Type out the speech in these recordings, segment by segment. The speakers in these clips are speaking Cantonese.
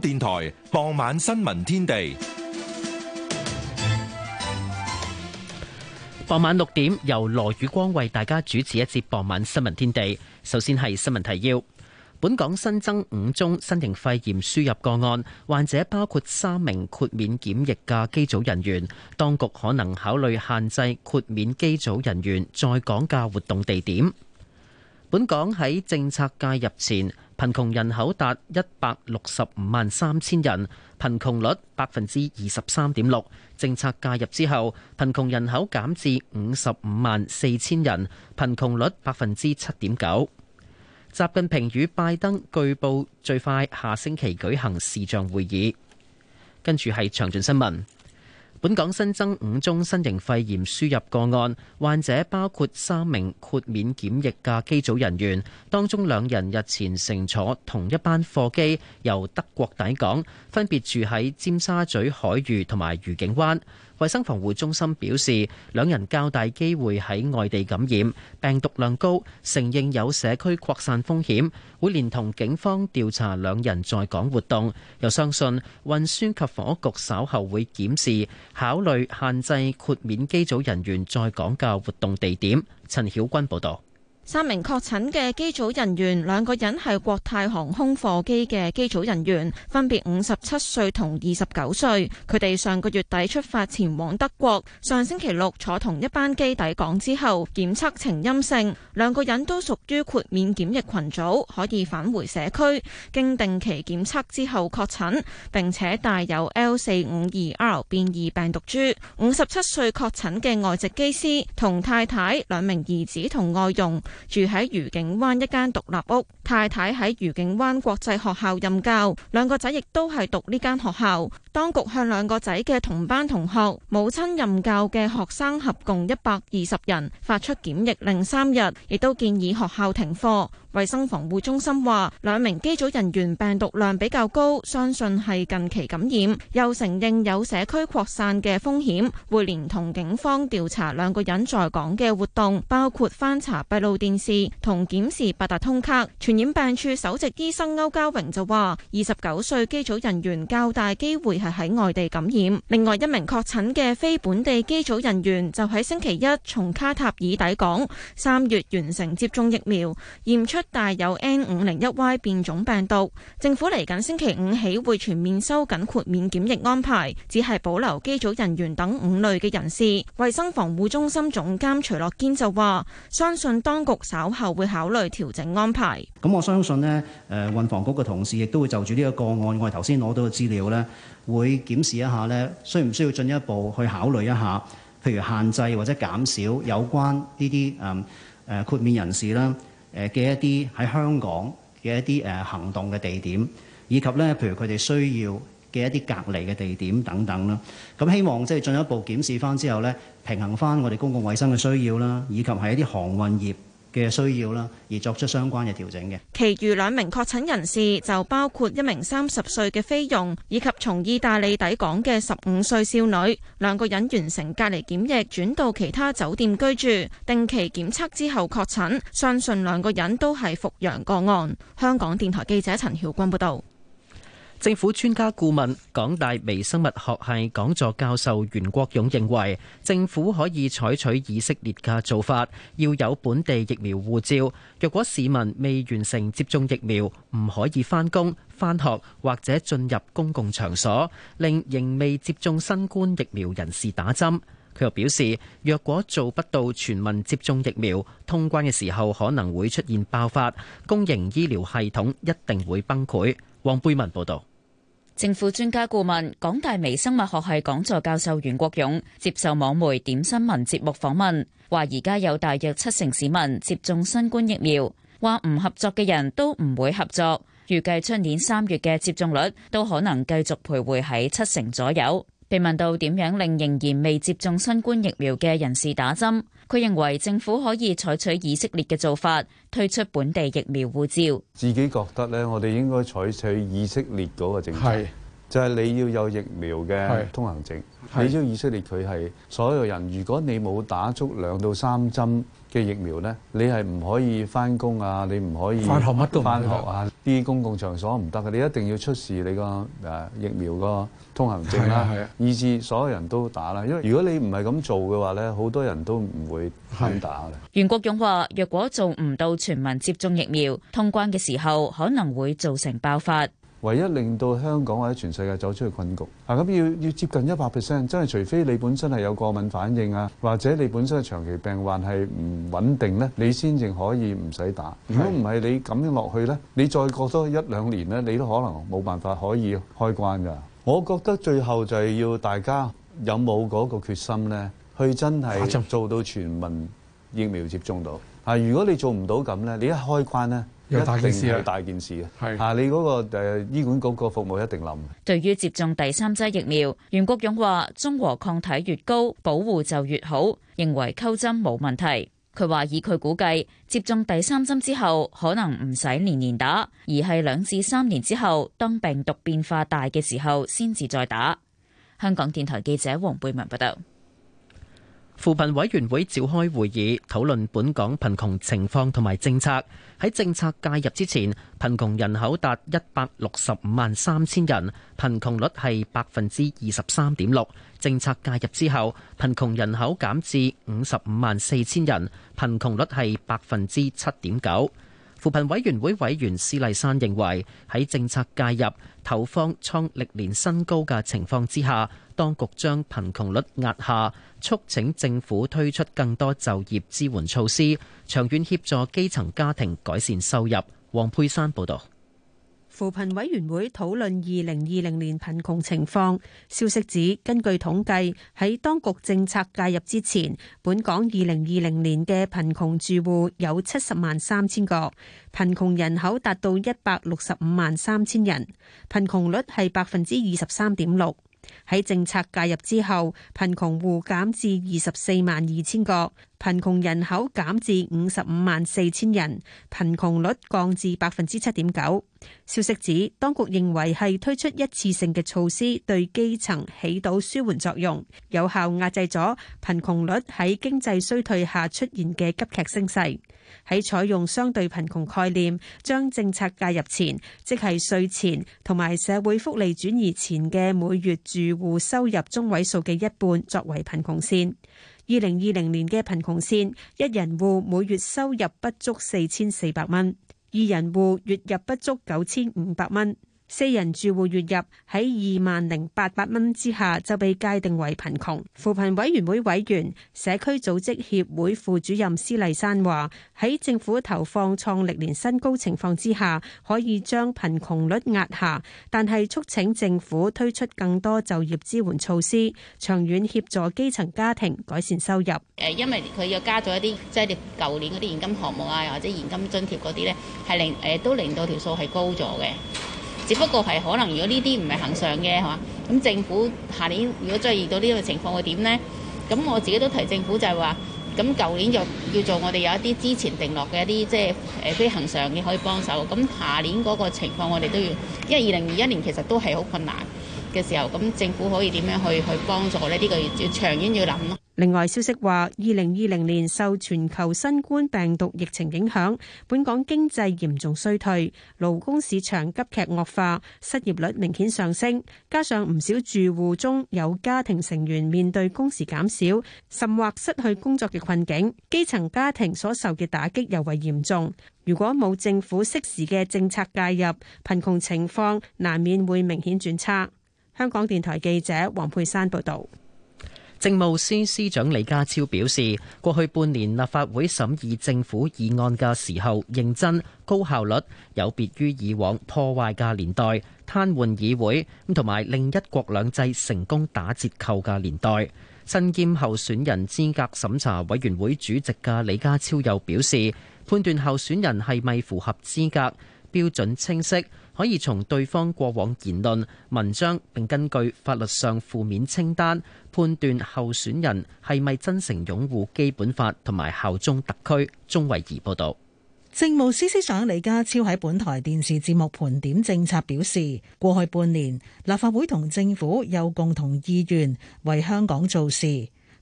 電台傍晚新聞天地，傍晚六點由羅宇光為大家主持一節傍晚新聞天地。首先係新聞提要：本港新增五宗新型肺炎輸入個案，患者包括三名豁免檢疫嘅機組人員，當局可能考慮限制豁免機組人員在港嘅活動地點。本港喺政策介入前。貧窮人口達一百六十五萬三千人，貧窮率百分之二十三點六。政策介入之後，貧窮人口減至五十五萬四千人，貧窮率百分之七點九。習近平與拜登據報最快下星期舉行視像會議。跟住係詳盡新聞。本港新增五宗新型肺炎輸入個案，患者包括三名豁免檢疫嘅機組人員，當中兩人日前乘坐同一班貨機由德國抵港，分別住喺尖沙咀海域同埋愉景灣。衛生防護中心表示，兩人較大機會喺外地感染，病毒量高，承認有社區擴散風險，會連同警方調查兩人在港活動。又相信，運輸及房屋局稍後會檢視，考慮限制豁免機組人員在港嘅活動地點。陳曉君報道。三名確診嘅機組人員，兩個人係國泰航空貨機嘅機組人員，分別五十七歲同二十九歲。佢哋上個月底出發前往德國，上星期六坐同一班機抵港之後檢測呈陰性。兩個人都屬於豁免檢疫群組，可以返回社區。經定期檢測之後確診，並且帶有 L 四五二 R 變異病毒株。五十七歲確診嘅外籍機師，同太太，兩名兒子同外傭。住喺愉景灣一間獨立屋，太太喺愉景灣國際學校任教，兩個仔亦都係讀呢間學校。當局向兩個仔嘅同班同學、母親任教嘅學生合共一百二十人發出檢疫令，三日亦都建議學校停課。衛生防護中心話，兩名機組人員病毒量比較高，相信係近期感染，又承認有社區擴散嘅風險，會連同警方調查兩個人在港嘅活動，包括翻查閉路電視同檢視八達通卡。傳染病處首席醫生歐家榮就話，二十九歲機組人員較大機會係喺外地感染。另外一名確診嘅非本地機組人員就喺星期一從卡塔爾抵港，三月完成接種疫苗，驗出。一帶有 N 五零一 Y 變種病毒，政府嚟緊星期五起會全面收緊豁免檢疫安排，只係保留機組人員等五類嘅人士。衞生防護中心總監徐樂堅就話：相信當局稍後會考慮調整安排。咁我相信呢，誒運防局嘅同事亦都會就住呢個個案，我哋頭先攞到嘅資料咧，會檢視一下咧，需唔需要進一步去考慮一下，譬如限制或者減少有關呢啲誒誒豁免人士啦。誒嘅一啲喺香港嘅一啲行動嘅地點，以及咧，譬如佢哋需要嘅一啲隔離嘅地點等等啦。咁希望即係進一步檢視翻之後咧，平衡翻我哋公共衛生嘅需要啦，以及係一啲航運業嘅需要啦，而作出相關嘅調整嘅。其餘兩名確診人士就包括一名三十歲嘅菲傭以及從意大利抵港嘅十五歲少女，兩個人完成隔離檢疫，轉到其他酒店居住，定期檢測之後確診，相信兩個人都係復陽個案。香港電台記者陳曉君報道。政府專家顧問、港大微生物學系講座教授袁國勇認為，政府可以採取以色列嘅做法，要有本地疫苗護照。若果市民未完成接種疫苗，唔可以返工、返學或者進入公共場所，令仍未接種新冠疫苗人士打針。佢又表示，若果做不到全民接種疫苗，通關嘅時候可能會出現爆發，公營醫療系統一定會崩潰。黃貝文報道。政府專家顧問、港大微生物學系講座教授袁國勇接受網媒點新聞節目訪問，話而家有大約七成市民接種新冠疫苗，話唔合作嘅人都唔會合作，預計出年三月嘅接種率都可能繼續徘徊喺七成左右。被問到點樣令仍然未接種新冠疫苗嘅人士打針？佢認為政府可以採取以色列嘅做法，推出本地疫苗護照。自己覺得咧，我哋應該採取以色列嗰個政策，是就係你要有疫苗嘅通行證，是你知以色列佢係所有人，如果你冇打足兩到三針嘅疫苗咧，你係唔可以翻工啊，你唔可以翻學乜都翻學啊。啲公共場所唔得嘅，你一定要出示你個誒疫苗個通行證啦，係啊，以至所有人都打啦，因為如果你唔係咁做嘅話咧，好多人都唔會肯打嘅。的袁國勇話，若果做唔到全民接種疫苗，通關嘅時候，可能會造成爆發。唯一令到香港或者全世界走出去困局，嗱咁要要接近一百 percent，真係除非你本身係有過敏反應啊，或者你本身長期病患係唔穩定咧，你先至可以唔使打。如果唔係你咁樣落去咧，你再過多一兩年咧，你都可能冇辦法可以開關㗎。我覺得最後就係要大家有冇嗰個決心咧，去真係做到全民疫苗接種到。啊，如果你做唔到咁咧，你一開關咧～有大件事大件事啊！係是啊，你嗰、那個誒、呃、醫管局嗰個服務一定冧。對於接種第三劑疫苗，袁國勇話，中和抗體越高，保護就越好。認為溝針冇問題。佢話以佢估計，接種第三針之後，可能唔使年年打，而係兩至三年之後，當病毒變化大嘅時候，先至再打。香港電台記者黃貝文報道。扶貧委員會召開會議，討論本港貧窮情況同埋政策。喺政策介入之前，貧窮人口達一百六十五萬三千人，貧窮率係百分之二十三點六。政策介入之後，貧窮人口減至五十五萬四千人，貧窮率係百分之七點九。扶貧委員會委員施麗珊認為，喺政策介入，投放創歷年新高嘅情況之下。當局將貧窮率壓下，促請政府推出更多就業支援措施，長遠協助基層家庭改善收入。黃佩珊報道。扶貧委員會討論二零二零年貧窮情況，消息指，根據統計，喺當局政策介入之前，本港二零二零年嘅貧窮住戶有七十萬三千個，貧窮人口達到一百六十五萬三千人，貧窮率係百分之二十三點六。喺政策介入之後，貧窮戶減至二十四萬二千個，貧窮人口減至五十五萬四千人，貧窮率降至百分之七點九。消息指，當局認為係推出一次性嘅措施，對基層起到舒緩作用，有效壓制咗貧窮率喺經濟衰退下出現嘅急劇升勢。喺採用相對貧窮概念，將政策介入前，即係稅前同埋社會福利轉移前嘅每月住戶收入中位數嘅一半作為貧窮線。二零二零年嘅貧窮線，一人戶每月收入不足四千四百蚊，二人戶月入不足九千五百蚊。四人住戶月入喺二萬零八百蚊之下，就被界定為貧窮。扶貧委員會委員、社區組織協會副主任施麗珊話，喺政府投放創歷年新高情況之下，可以將貧窮率壓下，但係促請政府推出更多就業支援措施，長遠協助基層家庭改善收入。誒，因為，佢又加咗一啲，即係舊年嗰啲現金項目啊，或者現金津貼嗰啲咧，係令誒都令到條數係高咗嘅。只不過係可能，如果呢啲唔係恆常嘅話，咁政府下年如果再遇到呢個情況，會點呢？咁我自己都提政府就係話，咁舊年就叫做我哋有一啲之前定落嘅一啲即係誒非恆常嘅可以幫手。咁下年嗰個情況，我哋都要，因為二零二一年其實都係好困難嘅時候，咁政府可以點樣去去幫助咧？呢個要長遠要諗咯。另外，消息話，二零二零年受全球新冠病毒疫情影響，本港經濟嚴重衰退，勞工市場急劇惡化，失業率明顯上升。加上唔少住戶中有家庭成員面對工時減少，甚或失去工作嘅困境，基層家庭所受嘅打擊尤為嚴重。如果冇政府適時嘅政策介入，貧窮情況難免會明顯轉差。香港電台記者黃佩珊報道，政務司司長李家超表示，過去半年立法會審議政府議案嘅時候，認真、高效率，有別於以往破壞嘅年代，癱瘓議會，同埋令一國兩制成功打折扣嘅年代。身兼候選人資格審查委員會主席嘅李家超又表示，判斷候選人係咪符合資格標準清晰。可以從對方過往言論、文章，並根據法律上負面清單判斷候選人係咪真誠擁護基本法同埋效忠特區。鐘慧儀報導，政務司司長李家超喺本台電視節目盤點政策，表示過去半年立法會同政府有共同意願為香港做事。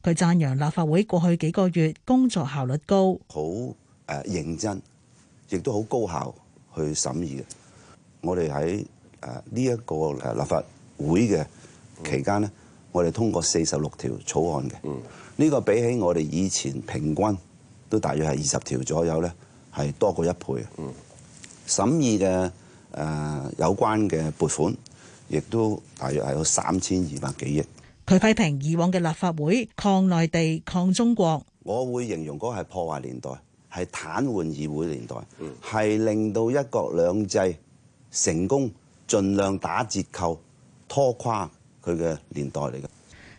佢讚揚立法會過去幾個月工作效率高，好誒認真，亦都好高效去審議我哋喺誒呢一個立法會嘅期間咧，嗯、我哋通過四十六條草案嘅。呢、嗯、個比起我哋以前平均都大約係二十條左右咧，係多過一倍。嗯、審議嘅誒、呃、有關嘅撥款，亦都大約係有三千二百幾億。佢批評以往嘅立法會抗內地、抗中國，我會形容嗰係破壞年代，係癱瘓議會年代，係、嗯、令到一國兩制成功，盡量打折扣，拖垮佢嘅年代嚟嘅。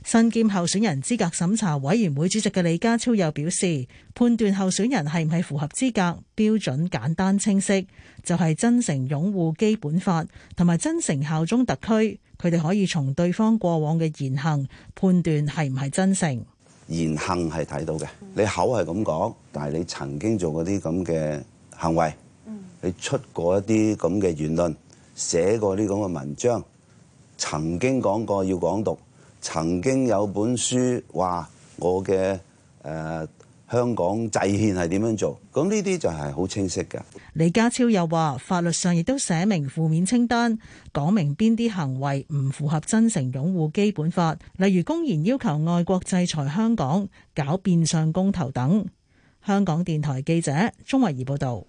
身兼候選人資格審查委員會主席嘅李家超又表示，判斷候選人係唔係符合資格，標準簡單清晰，就係真誠擁護基本法同埋真誠效忠特區。佢哋可以從對方過往嘅言行判斷係唔係真誠。言行係睇到嘅，你口係咁講，但係你曾經做過啲咁嘅行為。你出過一啲咁嘅言論，寫過啲咁嘅文章，曾經講過要港獨，曾經有本書話我嘅誒、呃、香港制憲係點樣做，咁呢啲就係好清晰嘅。李家超又話，法律上亦都寫明負面清單，講明邊啲行為唔符合真誠擁護基本法，例如公然要求外國制裁香港、搞變相公投等。香港電台記者鍾慧儀報導。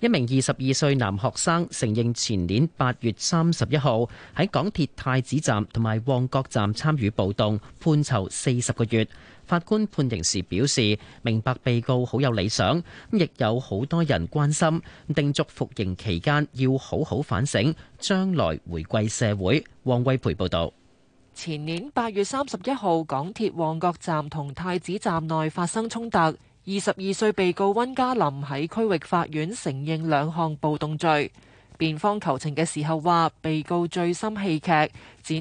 一名二十二歲男學生承認前年八月三十一號喺港鐵太子站同埋旺角站參與暴動，判囚四十個月。法官判刑時表示，明白被告好有理想，亦有好多人關心，叮囑服刑期間要好好反省，將來回歸社會。王威培報導。前年八月三十一號港鐵旺角站同太子站內發生衝突。二十二歲被告溫嘉林喺區域法院承認兩項暴動罪。辯方求情嘅時候話，被告醉心戲劇，輾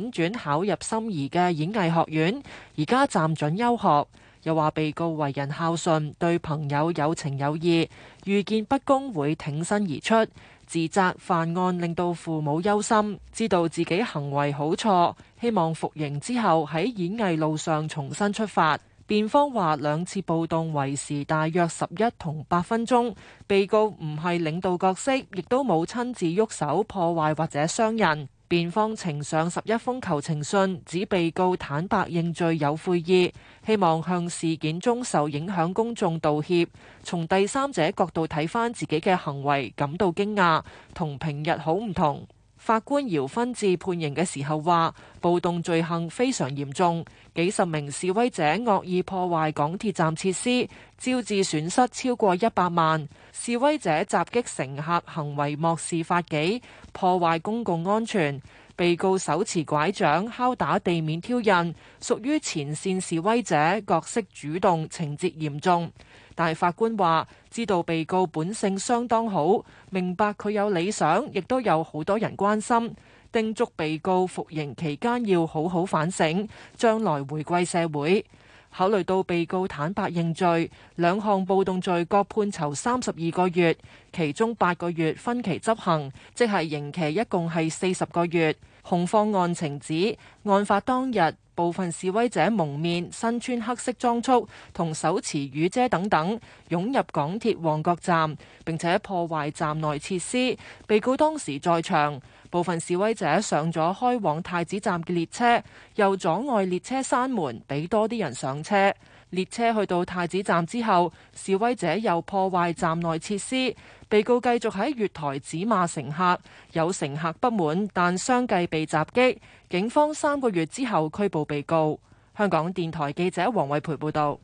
轉考入心儀嘅演藝學院，而家暫准休學。又話被告為人孝順，對朋友有情有義，遇見不公會挺身而出。自責犯案令到父母憂心，知道自己行為好錯，希望服刑之後喺演藝路上重新出發。辯方話，兩次暴動為時大約十一同八分鐘，被告唔係領導角色，亦都冇親自喐手破壞或者傷人。辯方呈上十一封求情信，指被告坦白認罪有悔意，希望向事件中受影響公眾道歉。從第三者角度睇返自己嘅行為，感到驚訝，同平日好唔同。法官姚勳智判刑嘅時候話，暴動罪行非常嚴重，幾十名示威者惡意破壞港鐵站設施，招致損失超過一百萬。示威者襲擊乘客，行為漠視法紀，破壞公共安全。被告手持拐杖敲打地面挑釁，屬於前線示威者角色主動，情節嚴重。大法官話：知道被告本性相當好，明白佢有理想，亦都有好多人關心，叮囑被告服刑期間要好好反省，將來回歸社會。考慮到被告坦白認罪，兩項暴動罪各判囚三十二個月，其中八個月分期執行，即係刑期一共係四十個月。控方案情指，案發當日部分示威者蒙面，身穿黑色裝束同手持雨遮等等，湧入港鐵旺角站並且破壞站內設施。被告當時在場，部分示威者上咗開往太子站嘅列車，又阻礙列車閂門俾多啲人上車。列車去到太子站之後，示威者又破壞站內設施。被告繼續喺月台指罵乘客，有乘客不滿，但相繼被襲擊。警方三個月之後拘捕被告。香港電台記者黃慧培報道。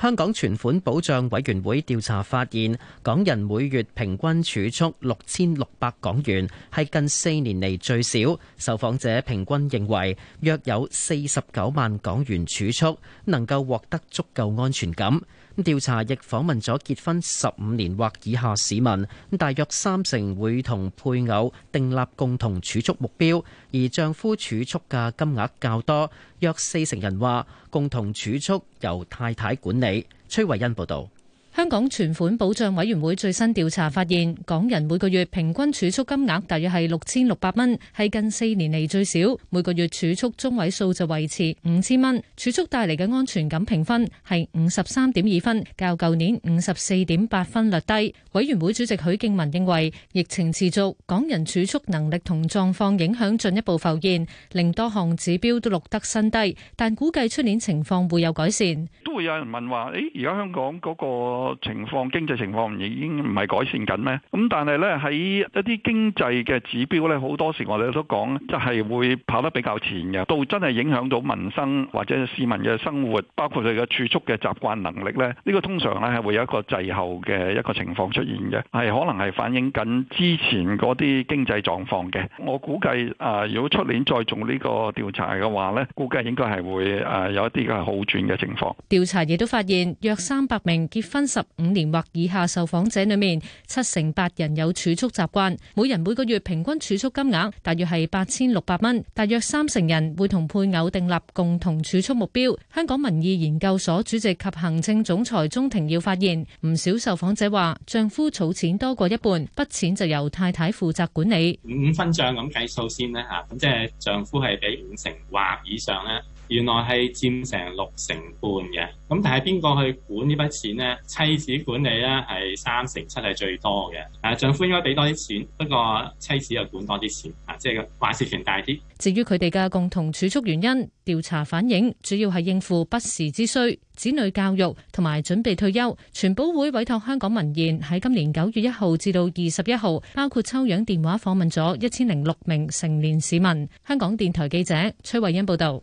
香港存款保障委員會調查發現，港人每月平均儲蓄六千六百港元，係近四年嚟最少。受訪者平均認為，約有四十九萬港元儲蓄能夠獲得足夠安全感。調查亦訪問咗結婚十五年或以下市民，大約三成會同配偶訂立共同儲蓄目標，而丈夫儲蓄嘅金額較多，約四成人話共同儲蓄由太太管理。崔慧欣報導。香港存款保障委員會最新調查發現，港人每個月平均儲蓄金額大約係六千六百蚊，係近四年嚟最少。每個月儲蓄中位數就維持五千蚊，儲蓄帶嚟嘅安全感評分係五十三點二分，較舊年五十四點八分略低。委員會主席許敬文認為，疫情持續，港人儲蓄能力同狀況影響進一步浮現，令多項指標都錄得新低，但估計出年情況會有改善。都會有人問話，誒，而家香港嗰個……個情況、經濟情況唔已經唔係改善緊咩？咁但係咧喺一啲經濟嘅指標咧，好多時我哋都講，就係會跑得比較前嘅，到真係影響到民生或者市民嘅生活，包括佢嘅儲蓄嘅習慣能力咧，呢個通常咧係會有一個滯後嘅一個情況出現嘅，係可能係反映緊之前嗰啲經濟狀況嘅。我估計啊，如果出年再做呢個調查嘅話咧，估計應該係會誒有一啲嘅好轉嘅情況。調查亦都發現，約三百名結婚。十五年或以下受訪者裏面，七成八人有儲蓄習慣，每人每個月平均儲蓄金額大約係八千六百蚊。大約三成人會同配偶訂立共同儲蓄目標。香港民意研究所主席及行政總裁鐘庭耀發現：唔少受訪者話，丈夫儲錢多過一半，筆錢就由太太負責管理。五五分賬咁計數先啦吓，咁即係丈夫係俾五成或以上咧。原來係佔成六成半嘅，咁但係邊個去管呢筆錢呢？妻子管理咧係三成七係最多嘅。啊，丈夫應該俾多啲錢，不過妻子又管多啲錢啊，即係話事權大啲。至於佢哋嘅共同儲蓄原因，調查反映主要係應付不時之需、子女教育同埋準備退休。全保會委託香港民研喺今年九月一號至到二十一號，包括抽樣電話訪問咗一千零六名成年市民。香港電台記者崔慧欣報道。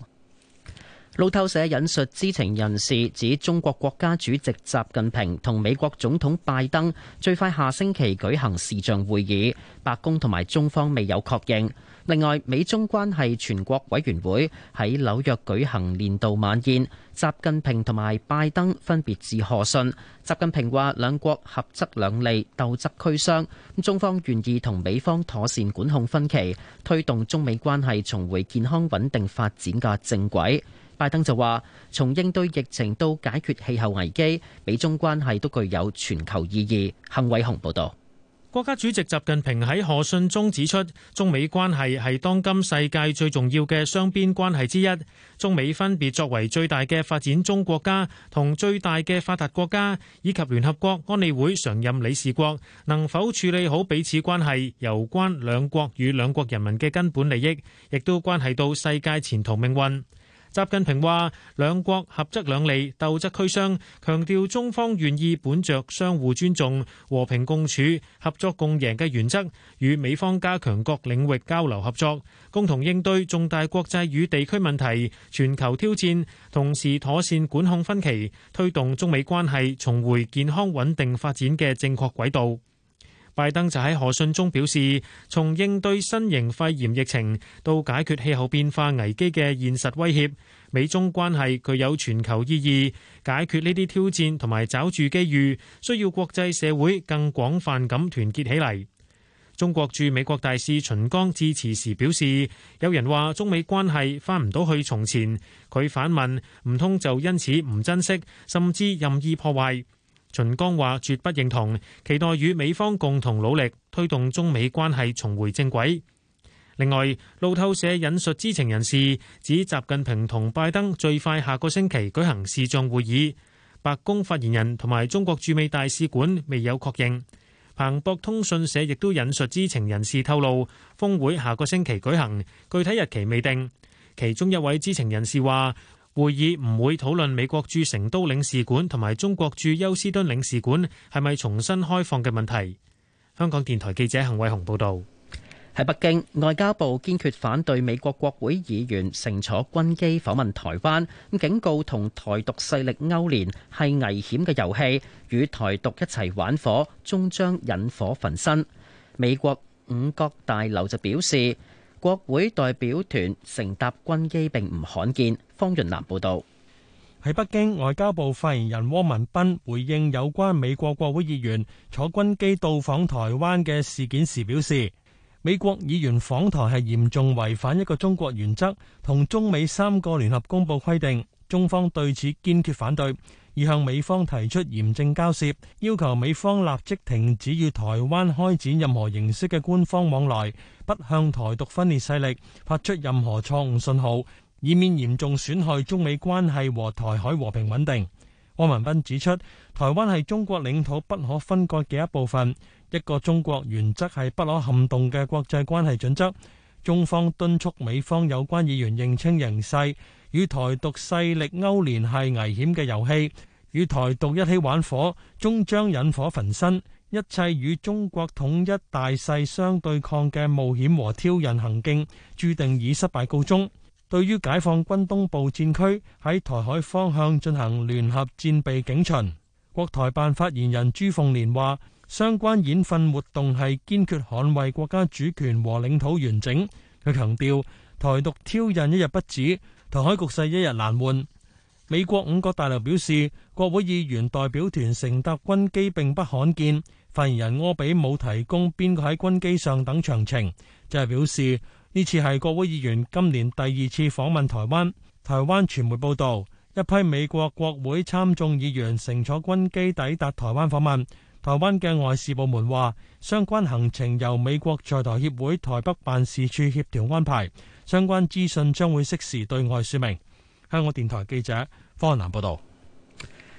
路透社引述知情人士指，中國國家主席習近平同美國總統拜登最快下星期舉行視像會議，白宮同埋中方未有確認，另外，美中關係全國委員會喺紐約舉行年度晚宴，習近平同埋拜登分別致賀信。習近平話兩國合則兩利，鬥則俱傷，中方願意同美方妥善管控分歧，推動中美關係重回健康穩定發展嘅正軌。拜登就話，從應對疫情到解決氣候危機，美中關係都具有全球意義。幸偉雄報道，國家主席習近平喺賀信中指出，中美關係係當今世界最重要嘅雙邊關係之一。中美分別作為最大嘅發展中國家同最大嘅發達國家，以及聯合國安理會常任理事國，能否處理好彼此關係，攸關兩國與兩國人民嘅根本利益，亦都關係到世界前途命運。習近平話：兩國合則兩利，鬥則俱傷。強調中方願意本着相互尊重、和平共處、合作共贏嘅原則，與美方加強各領域交流合作，共同應對重大國際與地區問題、全球挑戰，同時妥善管控分歧，推動中美關係重回健康穩定發展嘅正確軌道。拜登就喺賀信中表示，從應對新型肺炎疫情到解決氣候變化危機嘅現實威脅，美中關係具有全球意義，解決呢啲挑戰同埋抓住機遇，需要國際社會更廣泛咁團結起嚟。中國駐美國大使秦剛致辭時表示，有人話中美關係翻唔到去從前，佢反問唔通就因此唔珍惜，甚至任意破壞。秦剛話：絕不認同，期待與美方共同努力，推動中美關係重回正軌。另外，路透社引述知情人士指，習近平同拜登最快下個星期舉行視像會議，白宮發言人同埋中國駐美大使館未有確認。彭博通訊社亦都引述知情人士透露，峰會下個星期舉行，具體日期未定。其中一位知情人士話：會議唔會討論美國駐成都領事館同埋中國駐休斯敦領事館係咪重新開放嘅問題。香港電台記者陳偉雄報導。喺北京，外交部堅決反對美國國會議員乘坐軍機訪問台灣，咁警告同台獨勢力勾連係危險嘅遊戲，與台獨一齊玩火，終將引火焚身。美國五角大樓就表示。國會代表團乘搭軍機並唔罕見。方潤南報道，喺北京，外交部發言人汪文斌回應有關美國國會議員坐軍機到訪台灣嘅事件時表示，美國議員訪台係嚴重違反一個中國原則同中美三個聯合公報規定，中方對此堅決反對，已向美方提出嚴正交涉，要求美方立即停止與台灣開展任何形式嘅官方往來。不向台獨分裂勢力發出任何錯誤信號，以免嚴重損害中美關係和台海和平穩定。汪文斌指出，台灣係中國領土不可分割嘅一部分，一個中國原則係不可撼動嘅國際關係準則。中方敦促美方有關議員認清形勢，與台獨勢力勾連係危險嘅遊戲，與台獨一起玩火，終將引火焚身。一切與中國統一大勢相對抗嘅冒險和挑釁行徑，注定以失敗告終。對於解放軍東部戰區喺台海方向進行聯合戰備警巡，國台辦發言人朱鳳蓮話，相關演訓活動係堅決捍衛國家主權和領土完整。佢強調，台獨挑釁一日不止，台海局勢一日難緩。美國五角大樓表示，國會議員代表團乘搭軍機並不罕見。發言人柯比冇提供邊個喺軍機上等詳情，就係表示呢次係國會議員今年第二次訪問台灣。台灣傳媒報道，一批美國國會參眾議員乘坐軍機抵達台灣訪問。台灣嘅外事部門話，相關行程由美國在台協會台北辦事處協調安排，相關資訊將會適時對外說明。香港電台記者方南報道。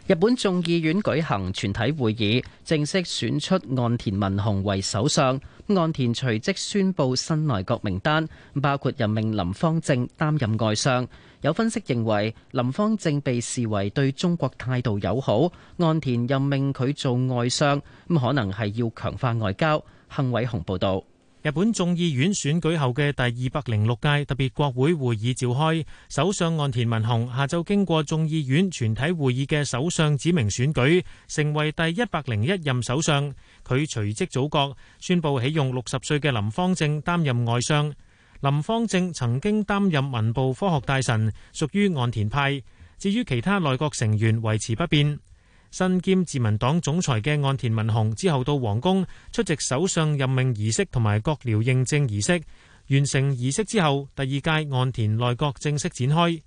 日本眾議院舉行全體會議，正式選出岸田文雄為首相。岸田隨即宣布新內閣名單，包括任命林芳正擔任外相。有分析認為，林芳正被視為對中國態度友好，岸田任命佢做外相，咁可能係要強化外交。幸偉雄報道。日本眾議院選舉後嘅第二百零六屆特別國會會議召開，首相岸田文雄下晝經過眾議院全體會議嘅首相指名選舉，成為第一百零一任首相。佢隨即組閣，宣佈起用六十歲嘅林芳正擔任外相。林芳正曾經擔任文部科學大臣，屬於岸田派。至於其他內閣成員維持不變。身兼自民黨總裁嘅岸田文雄之後到皇宮出席首相任命儀式同埋閣僚認證儀式，完成儀式之後，第二屆岸田內閣正式展開。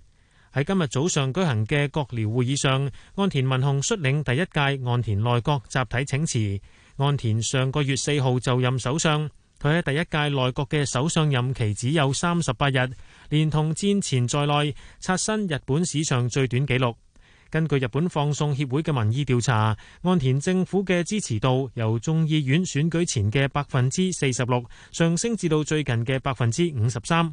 喺今日早上舉行嘅閣僚會議上，岸田文雄率領第一屆岸田內閣集體請辭。岸田上個月四號就任首相，佢喺第一屆內閣嘅首相任期只有三十八日，連同戰前在內刷新日本史上最短紀錄。根據日本放送協會嘅民意調查，岸田政府嘅支持度由眾議院選舉前嘅百分之四十六上升至到最近嘅百分之五十三。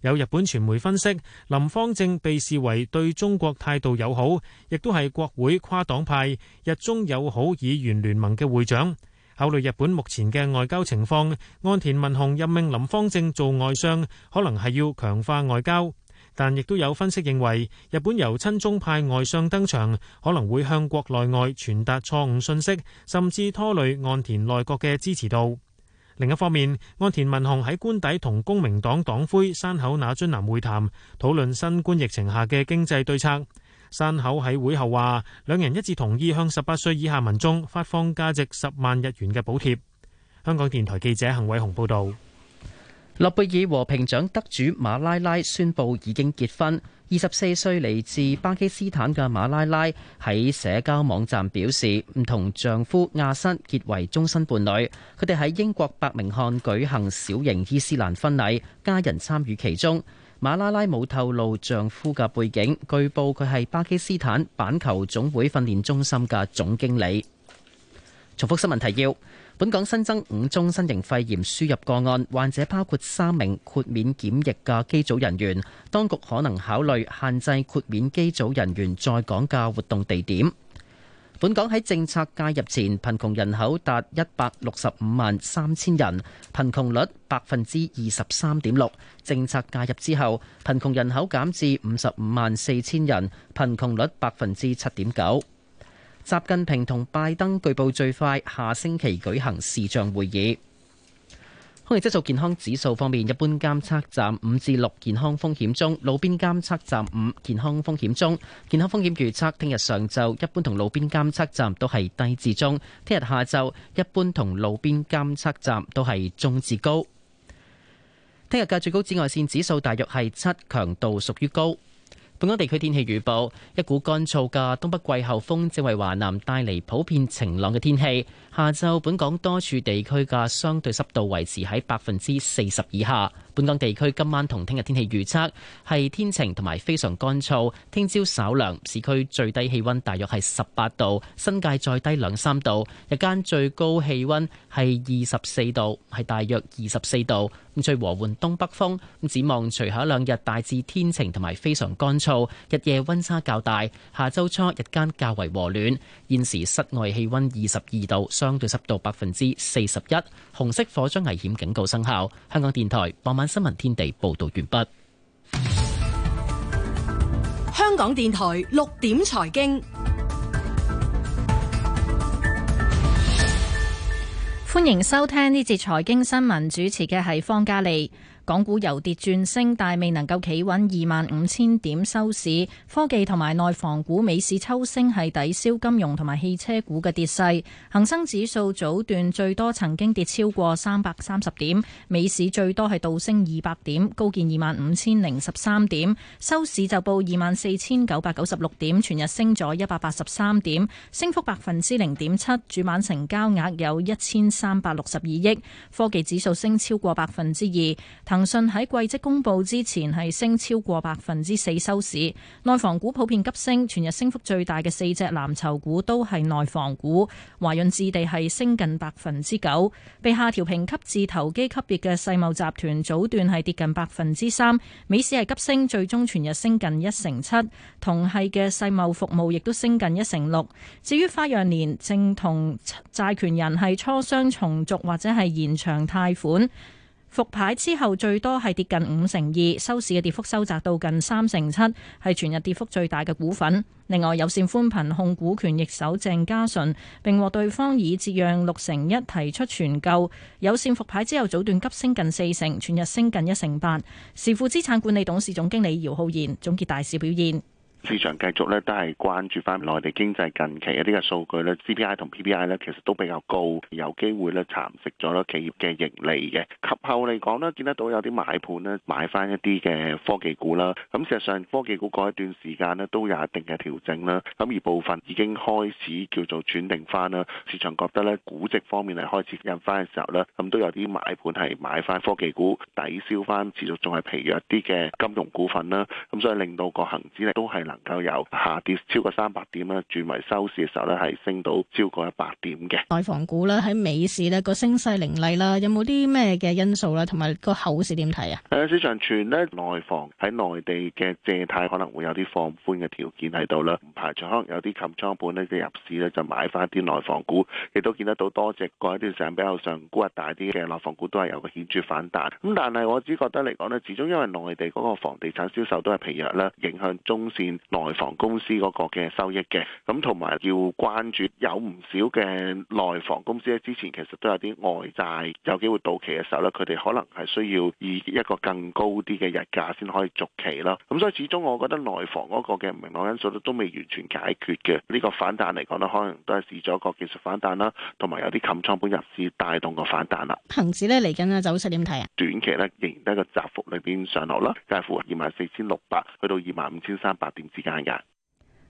有日本傳媒分析，林方正被視為對中國態度友好，亦都係國會跨黨派日中友好議員聯盟嘅會長。考慮日本目前嘅外交情況，岸田文雄任命林方正做外相，可能係要強化外交。但亦都有分析認為，日本由親中派外相登場，可能會向國內外傳達錯誤信息，甚至拖累岸田內閣嘅支持度。另一方面，岸田文雄喺官邸同公明黨黨魁山口那津男會談，討論新冠疫情下嘅經濟對策。山口喺會後話，兩人一致同意向十八歲以下民眾發放價值十萬日元嘅補貼。香港電台記者陳偉雄報道。諾貝爾和平獎得主馬拉拉宣布已經結婚。二十四歲嚟自巴基斯坦嘅馬拉拉喺社交網站表示，唔同丈夫亞什結為終身伴侶。佢哋喺英國伯明翰舉行小型伊斯蘭婚禮，家人參與其中。馬拉拉冇透露丈夫嘅背景，據報佢係巴基斯坦板球總會訓練中心嘅總經理。重複新聞提要。本港新增五宗新型肺炎輸入個案，患者包括三名豁免檢疫嘅機組人員，當局可能考慮限制豁免機組人員在港嘅活動地點。本港喺政策介入前，貧窮人口達一百六十五萬三千人，貧窮率百分之二十三點六；政策介入之後，貧窮人口減至五十五萬四千人，貧窮率百分之七點九。習近平同拜登據報最快下星期舉行視像會議。空氣質素健康指數方面，一般監測站五至六健康風險中，路邊監測站五健康風險中。健康風險預測：聽日上晝一般同路邊監測站都係低至中；聽日下晝一般同路邊監測站都係中至高。聽日嘅最高紫外線指數大約係七，強度屬於高。本港地區天氣預報，一股乾燥嘅東北季候風正為華南帶嚟普遍晴朗嘅天氣。下晝本港多處地區嘅相對濕度維持喺百分之四十以下。本港地區今晚同聽日天氣預測係天晴同埋非常乾燥。聽朝稍涼，市區最低氣温大約係十八度，新界再低兩三度。日間最高氣温係二十四度，係大約二十四度。咁最和緩東北風。咁展望隨後兩日大致天晴同埋非常乾燥，日夜温差較大。下周初日間較為和暖。現時室外氣温二十二度。相對濕度百分之四十一，紅色火災危險警告生效。香港電台傍晚新聞天地報道完畢。香港電台六點財經，歡迎收聽呢節財經新聞，主持嘅係方嘉利。港股由跌轉升，但未能夠企穩二萬五千點收市。科技同埋內房股尾市抽升，係抵消金融同埋汽車股嘅跌勢。恒生指數早段最多曾經跌超過三百三十點，尾市最多係倒升二百點，高見二萬五千零十三點，收市就報二萬四千九百九十六點，全日升咗一百八十三點，升幅百分之零點七。主板成交額有一千三百六十二億，科技指數升超過百分之二。騰訊喺季績公布之前係升超過百分之四收市，內房股普遍急升，全日升幅最大嘅四隻藍籌股都係內房股。華潤置地係升近百分之九，被下調評級至投機級別嘅世茂集團早段係跌近百分之三，美市係急升，最終全日升近一成七。同係嘅世茂服務亦都升近一成六。至於花樣年，正同債權人係磋商重組或者係延長貸款。復牌之後最多係跌近五成二，收市嘅跌幅收窄到近三成七，係全日跌幅最大嘅股份。另外有線寬頻控股權易手鄭家純，並獲對方以折讓六成一提出全購。有線復牌之後早段急升近四成，全日升近一成八。時富資產管理董事總經理姚浩然總結大市表現。市場繼續咧都係關注翻內地經濟近期一啲嘅數據咧，CPI 同 PPI 咧其實都比較高，有機會咧蠶食咗咯企業嘅盈利嘅。及後嚟講咧，見得到有啲買盤咧買翻一啲嘅科技股啦。咁事實上科技股過一段時間咧都有一定嘅調整啦。咁而部分已經開始叫做轉定翻啦，市場覺得咧估值方面係開始引翻嘅時候咧，咁都有啲買盤係買翻科技股抵消翻持續仲係疲弱啲嘅金融股份啦。咁所以令到個恆指咧都係能夠由下跌超過三百點咧，轉為收市嘅時候咧係升到超過一百點嘅。內房股咧喺美市呢個升勢凌厲啦，有冇啲咩嘅因素咧？同埋個後市點睇啊？誒，市場傳咧內房喺內地嘅借貸，可能會有啲放寬嘅條件喺度啦，唔排除可能有啲冚倉盤呢嘅入市咧就買翻啲內房股，亦都見得到多隻過一段時間比較上沽壓大啲嘅內房股都係有個顯著反彈。咁但係我只覺得嚟講呢，始終因為內地嗰個房地產銷售都係疲弱啦，影響中線。內房公司嗰個嘅收益嘅，咁同埋要關注有唔少嘅內房公司咧，之前其實都有啲外債，有機會到期嘅時候咧，佢哋可能係需要以一個更高啲嘅日價先可以續期咯。咁所以始終我覺得內房嗰個嘅唔明朗因素咧，都未完全解決嘅。呢個反彈嚟講呢可能都係試咗個技術反彈啦，同埋有啲冚倉本入市帶動個反彈啦。恆指咧嚟緊嘅走勢點睇啊？短期咧仍然喺個窄幅裏邊上落啦，介乎二萬四千六百去到二萬五千三百點。時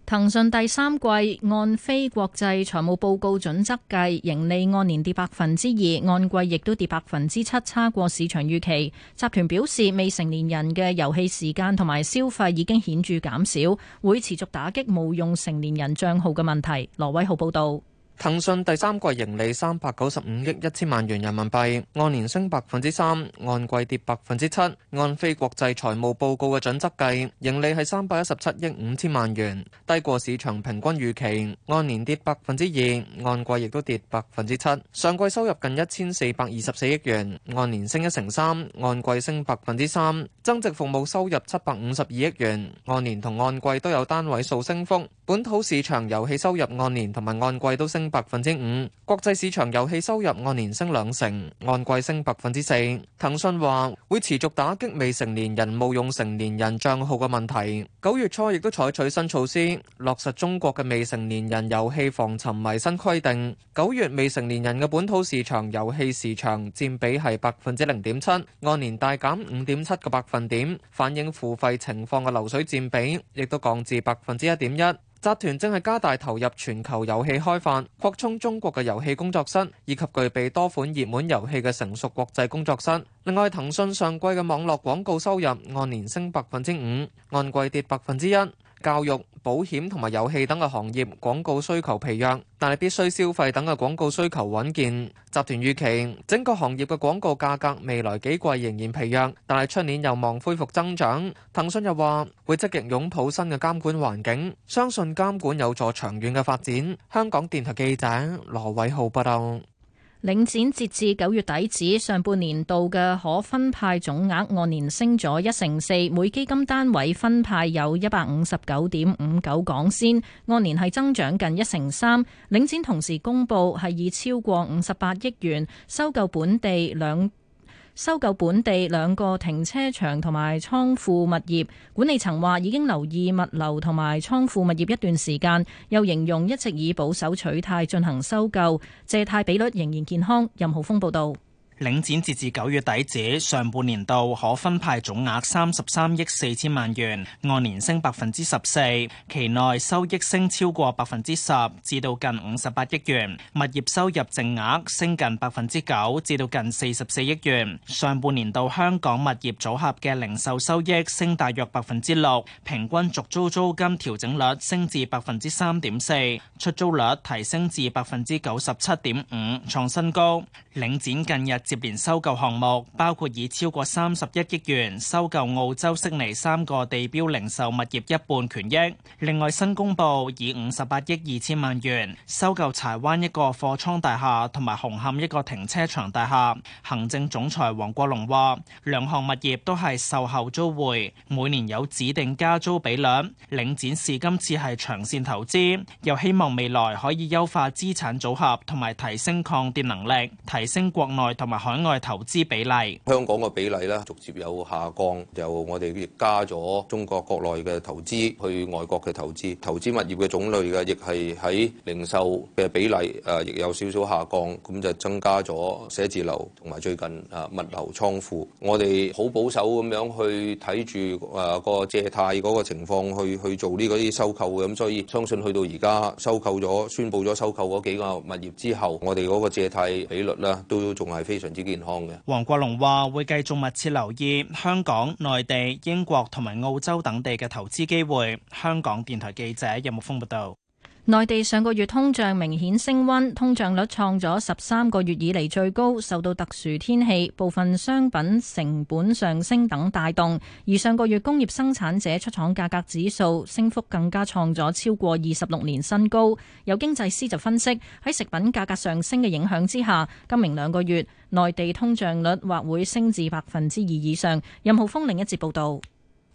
騰訊第三季按非國際財務報告準則計，盈利按年跌百分之二，按季亦都跌百分之七，差過市場預期。集團表示，未成年人嘅遊戲時間同埋消費已經顯著減少，會持續打擊冒用成年人賬號嘅問題。羅偉豪報道。騰訊第三季盈利三百九十五億一千萬元人民幣，按年升百分之三，按季跌百分之七。按非國際財務報告嘅準則計，盈利係三百一十七億五千萬元，低過市場平均預期，按年跌百分之二，按季亦都跌百分之七。上季收入近一千四百二十四億元，按年升一成三，按季升百分之三。增值服務收入七百五十二億元，按年同按季都有單位數升幅。本土市場遊戲收入按年同埋按季都升。百分之五，國際市場遊戲收入按年升兩成，按季升百分之四。騰訊話會持續打擊未成年人冒用成年人賬號嘅問題。九月初亦都採取新措施，落實中國嘅未成年人遊戲防沉迷新規定。九月未成年人嘅本土市場遊戲市場占比係百分之零點七，按年大減五點七個百分點，反映付費情況嘅流水占比亦都降至百分之一點一。集團正係加大投入全球遊戲開發，擴充中國嘅遊戲工作室，以及具備多款熱門遊戲嘅成熟國際工作室。另外，騰訊上季嘅網絡廣告收入按年升百分之五，按季跌百分之一。教育保險同埋遊戲等嘅行業廣告需求疲弱，但係必需消費等嘅廣告需求穩健。集團預期整個行業嘅廣告價格未來幾季仍然疲弱，但係出年有望恢復增長。騰訊又話會積極擁抱新嘅監管環境，相信監管有助長遠嘅發展。香港電台記者羅偉浩報道。領展截至九月底止，上半年度嘅可分派總額按年升咗一成四，每基金單位分派有一百五十九點五九港仙，按年係增長近一成三。領展同時公布係以超過五十八億元收購本地兩。收購本地兩個停車場同埋倉庫物業，管理層話已經留意物流同埋倉庫物業一段時間，又形容一直以保守取態進行收購，借貸比率仍然健康。任浩峰報導。領展截至九月底止，上半年度可分派總額三十三億四千萬元，按年升百分之十四。期內收益升超過百分之十，至到近五十八億元。物業收入淨額升近百分之九，至到近四十四億元。上半年度香港物業組合嘅零售收益升大約百分之六，平均續租租金調整率升至百分之三點四，出租率提升至百分之九十七點五，創新高。領展近日接連收購項目，包括以超過三十一億元收購澳洲悉尼三個地標零售物業一半權益，另外新公布以五十八億二千萬元收購柴灣一個貨倉大廈同埋紅磡一個停車場大廈。行政總裁王國龍話，兩項物業都係售後租回，每年有指定加租比率。領展視今次係長線投資，又希望未來可以優化資產組合同埋提升抗跌能力，提升國內同埋海外投資比例，香港嘅比例咧逐漸有下降，又我哋亦加咗中國國內嘅投資去外國嘅投資，投資物業嘅種類嘅亦係喺零售嘅比例，誒、呃、亦有少少下降，咁就增加咗寫字樓同埋最近啊物流倉庫，我哋好保守咁樣去睇住誒個借貸嗰個情況去去做呢嗰啲收購嘅，咁所以相信去到而家收購咗、宣布咗收購嗰幾個物業之後，我哋嗰個借貸比率咧都仲係非常。非常之健康嘅。王國龍話：會繼續密切留意香港、內地、英國同埋澳洲等地嘅投資機會。香港電台記者任木峯報道。內地上個月通脹明顯升溫，通脹率創咗十三個月以嚟最高，受到特殊天氣、部分商品成本上升等帶動。而上個月工業生產者出廠價格指數升幅更加創咗超過二十六年新高。有經濟師就分析，喺食品價格上升嘅影響之下，今明兩個月內地通脹率或會升至百分之二以上。任浩峰另一節報道。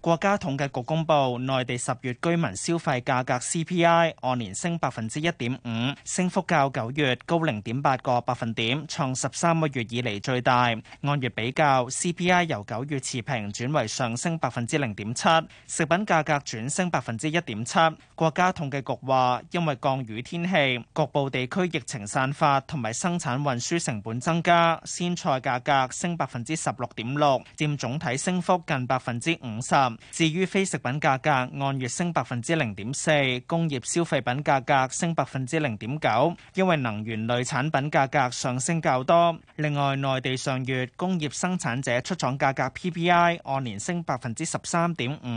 國家統計局,局公布，內地十月居民消費價格 CPI 按年升百分之一點五，升幅較九月高零點八個百分點，創十三個月以嚟最大。按月比較，CPI 由九月持平轉為上升百分之零點七，食品價格轉升百分之一點七。國家統計局話，因為降雨天氣，局部地區疫情散發同埋生產運輸成本增加，鮮菜價格升百分之十六點六，佔總體升幅近百分之五十。至於非食品價格按月升百分之零點四，工業消費品價格升百分之零點九，因為能源類產品價格上升較多。另外，內地上月工業生產者出廠價格 PPI 按年升百分之十三點五，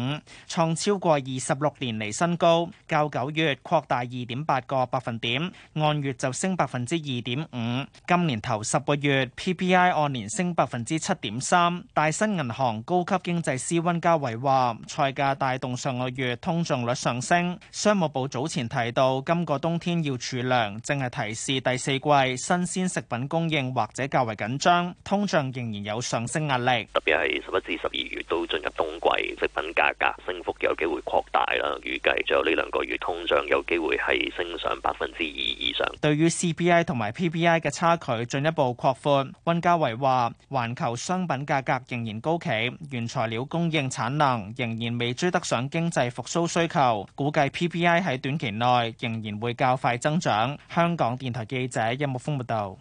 創超過二十六年嚟新高，較九月擴大二點八個百分點，按月就升百分之二點五。今年頭十個月 PPI 按年升百分之七點三，大新銀行高級經濟師溫家維。話菜價帶動上個月通脹率上升。商務部早前提到，今個冬天要儲糧，正係提示第四季新鮮食品供應或者較為緊張，通脹仍然有上升壓力。特別係十一至十二月都進入冬季，食品價格升幅有機會擴大啦。預計最後呢兩個月，通脹有機會係升上百分之二以上。對於 CPI 同埋 PPI 嘅差距進一步擴闊，溫家維話：環球商品價格仍然高企，原材料供應產能。仍然未追得上經濟復蘇需求，估計 PPI 喺短期內仍然會較快增長。香港電台記者任木豐報道。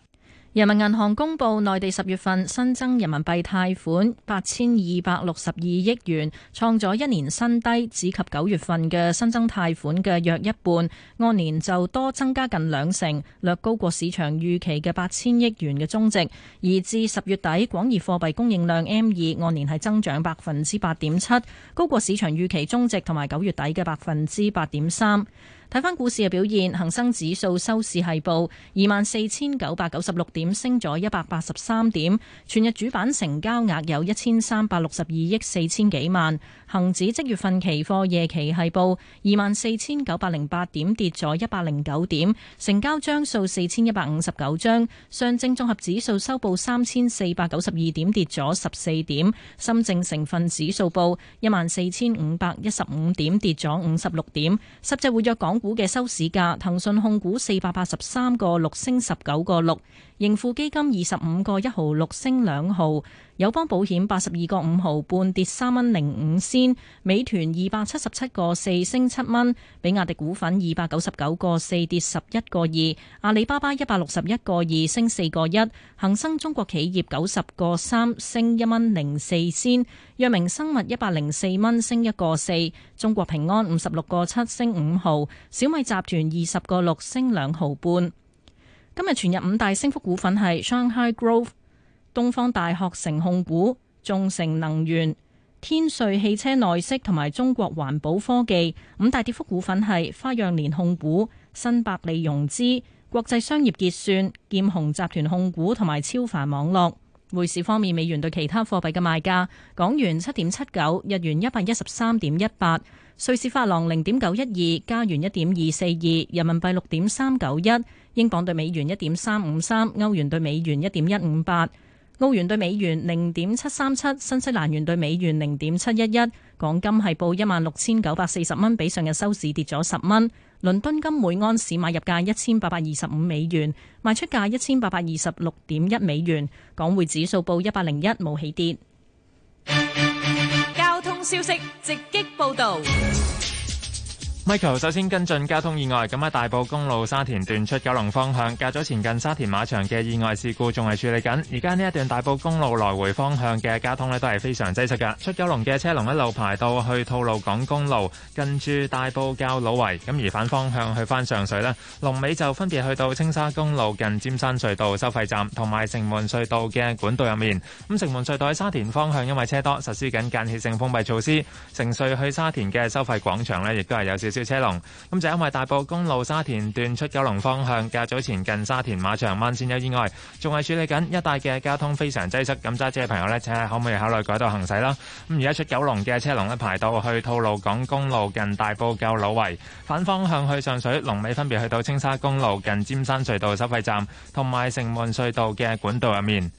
人民銀行公布內地十月份新增人民幣貸款八千二百六十二億元，創咗一年新低，只及九月份嘅新增貸款嘅約一半。按年就多增加近兩成，略高過市場預期嘅八千億元嘅中值。而至十月底，廣義貨幣供應量 M2 按年係增長百分之八點七，高過市場預期中值同埋九月底嘅百分之八點三。睇翻股市嘅表現，恒生指數收市係報二萬四千九百九十六點，升咗一百八十三點。全日主板成交額有一千三百六十二億四千幾萬。恒指即月份期貨夜期係報二萬四千九百零八點，跌咗一百零九點，成交張數四千一百五十九張。上證綜合指數收報三千四百九十二點，跌咗十四點。深證成分指數報一萬四千五百一十五點，跌咗五十六點。十隻活躍港股嘅收市價，騰訊控股四百八十三個六升十九個六。盈富基金二十五個一毫六升兩毫，友邦保險八十二個五毫半跌三蚊零五仙，美團二百七十七個四升七蚊，比亞迪股份二百九十九個四跌十一個二，阿里巴巴一百六十一個二升四個一，恒生中國企業九十個三升一蚊零四仙，藥明生物一百零四蚊升一個四，中國平安五十六個七升五毫，小米集團二十個六升兩毫半。今日全日五大升幅股份係 Shanghai Growth、東方大學城控股、眾誠能源、天瑞汽車內飾同埋中國環保科技；五大跌幅股份係花樣年控股、新百利融資、國際商業結算、劍虹集團控股同埋超凡網絡。匯市方面，美元對其他貨幣嘅賣價：港元七點七九，日元一百一十三點一八。瑞士法郎零點九一二，加元一點二四二，人民幣六點三九一，英鎊兌美元一點三五三，歐元兌美元一點一五八，澳元兌美元零點七三七，新西蘭元兌美元零點七一一。港金係報一萬六千九百四十蚊，比上日收市跌咗十蚊。倫敦金每安士買入價一千八百二十五美元，賣出價一千八百二十六點一美元。港匯指數報一百零一，冇起跌。消息直擊報道。Michael 首先跟進交通意外，咁喺大埔公路沙田段出九龍方向，較早前近沙田馬場嘅意外事故仲係處理緊，而家呢一段大埔公路來回方向嘅交通咧都係非常擠塞嘅。出九龍嘅車龍一路排到去吐露港公路，近住大埔滘老圍，咁而反方向去返上水咧，龍尾就分別去到青沙公路近尖山隧道收費站，同埋城門隧道嘅管道入面。咁城門隧道喺沙田方向因為車多，實施緊間歇性封閉措施。城隧去沙田嘅收費廣場咧，亦都係有少少。車龍，咁就因為大埔公路沙田段出九龍方向較早前近沙田馬場慢線有意外，仲係處理緊，一帶嘅交通非常擠塞，咁揸車嘅朋友呢，請係可唔可以考慮改道行駛啦？咁而家出九龍嘅車龍呢，排到去吐露港公路近大埔滘路圍，反方向去上水龍尾分別去到青沙公路近尖山隧道收費站同埋城門隧道嘅管道入面。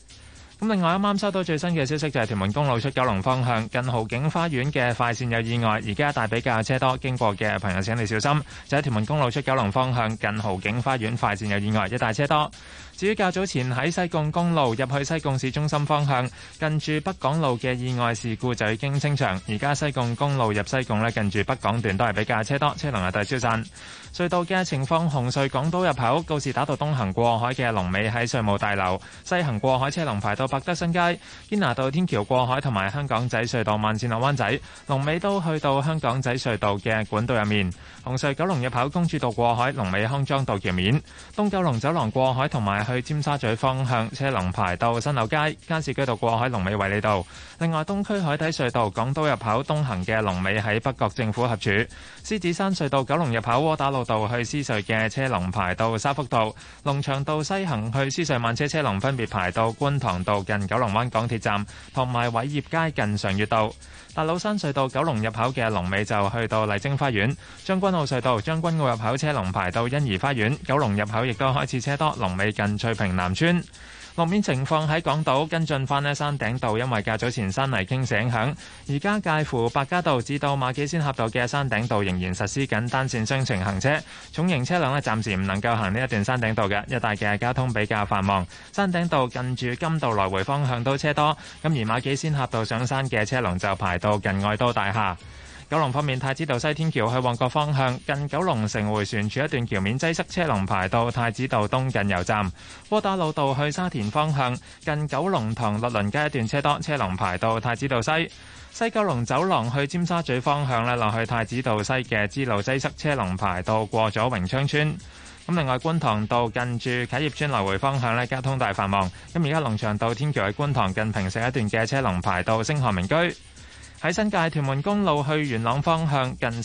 咁另外啱啱收到最新嘅消息，就係屯門公路出九龍方向近豪景花園嘅快線有意外，而家一大比較車多，經過嘅朋友請你小心。就喺屯門公路出九龍方向近豪景花園快線有意外，一大車多。至於較早前喺西貢公路入去西貢市中心方向近住北港路嘅意外事故，就已經清場。而家西貢公路入西貢呢，近住北港段都係比較車多，車龍係大消散。隧道嘅情況，紅隧港島入口告示打到東行過海嘅龍尾喺稅務大樓，西行過海車龍排到百德新街，堅拿道天橋過海同埋香港仔隧道慢線落灣仔龍尾都去到香港仔隧道嘅管道入面。紅隧九龍入口公主道過海，龍尾康莊道橋面；東九龍走廊過海同埋去尖沙咀方向車龍排到新柳街；加士居道過海龍尾維理道。另外，東區海底隧道港島入口東行嘅龍尾喺北角政府合署；獅子山隧道九龍入口窩打老道去獅隧嘅車龍排到沙福道；龍翔道西行去獅隧慢車車龍分別排到觀塘道近九龍灣港鐵站，同埋偉業街近常悅道；大老山隧道九龍入口嘅龍尾就去到麗晶花園將軍澳將軍隧道將軍澳入口車龍排到欣怡花園，九龍入口亦都開始車多，龍尾近翠屏南村。路面情況喺港島跟進翻咧，山頂道因為較早前山泥傾瀉影響，而家介乎白加道至到馬己仙峽道嘅山頂道仍然實施緊單線雙程行車，重型車輛呢，暫時唔能夠行呢一段山頂道嘅，一帶嘅交通比較繁忙。山頂道近住金道來回方向都車多，而馬己仙峽道上山嘅車龍就排到近愛都大廈。九龍方面，太子道西天橋去旺角方向，近九龍城回旋處一段橋面擠塞，車龍排到太子道東近油站。窩打老道去沙田方向，近九龍塘律倫街一段車多，車龍排到太子道西。西九龍走廊去尖沙咀方向咧，落去太子道西嘅支路擠塞，車龍排到過咗榮昌村。咁另外，觀塘道近住啟業邨來回方向咧，交通大繁忙。咁而家龍翔道天橋喺觀塘近平石一段嘅車龍排到，到星河名居。喺新界屯門公路去元朗方向近。